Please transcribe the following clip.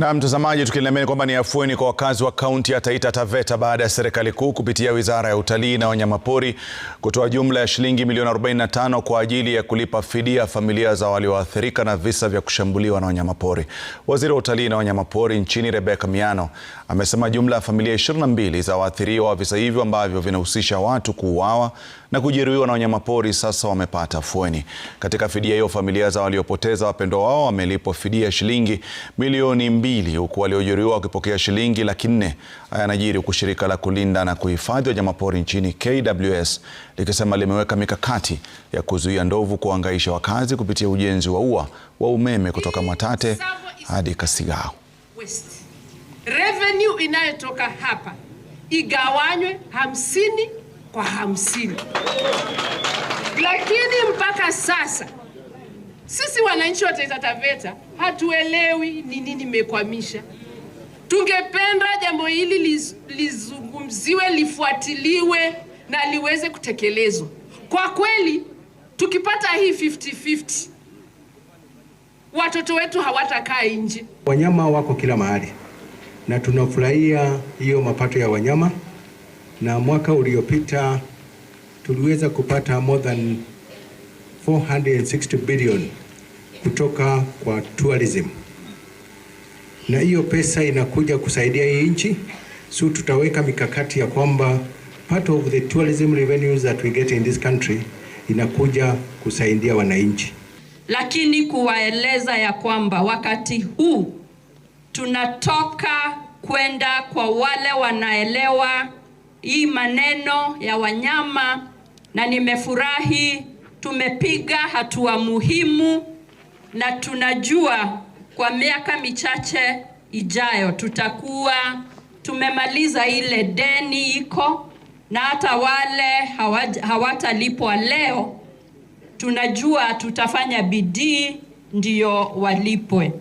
Na mtazamaji, tukilemea kwamba ni afueni kwa wakazi wa kaunti ya Taita Taveta baada ya serikali kuu kupitia wizara ya utalii na wanyamapori kutoa jumla ya shilingi milioni 45 kwa ajili ya kulipa fidia familia za walioathirika na visa vya kushambuliwa na wanyamapori. Waziri wa utalii na wanyamapori nchini Rebecca Miano amesema jumla ya familia 22 za waathiriwa wa visa hivyo ambavyo vinahusisha watu kuuawa na kujeruhiwa na wanyamapori sasa wamepata afueni. Katika fidia hiyo, familia za waliopoteza wapendwa wao wamelipwa fidia shilingi milioni mbili huku waliojeruhiwa wakipokea shilingi laki nne. Haya yanajiri huku shirika la kulinda na kuhifadhi wanyamapori nchini KWS likisema limeweka mikakati ya kuzuia ndovu kuhangaisha wakazi kupitia ujenzi wa ua wa umeme kutoka Mwatate hadi Kasigao. Revenue inayotoka hapa igawanywe hamsini kwa hamsini, lakini mpaka sasa sisi wananchi wa TATA-TAVETA hatuelewi ni nini imekwamisha. Tungependa jambo hili liz, lizungumziwe, lifuatiliwe na liweze kutekelezwa. Kwa kweli tukipata hii 50-50 watoto wetu hawatakaa nje. Wanyama wako kila mahali na tunafurahia hiyo mapato ya wanyama, na mwaka uliopita tuliweza kupata more than 460 billion kutoka kwa tourism, na hiyo pesa inakuja kusaidia hii nchi. So tutaweka mikakati ya kwamba part of the tourism revenues that we get in this country inakuja kusaidia wananchi, lakini kuwaeleza ya kwamba wakati huu tunatoka kwenda kwa wale wanaelewa hii maneno ya wanyama, na nimefurahi tumepiga hatua muhimu na tunajua kwa miaka michache ijayo tutakuwa tumemaliza ile deni iko, na hata wale hawatalipwa leo, tunajua tutafanya bidii ndiyo walipwe.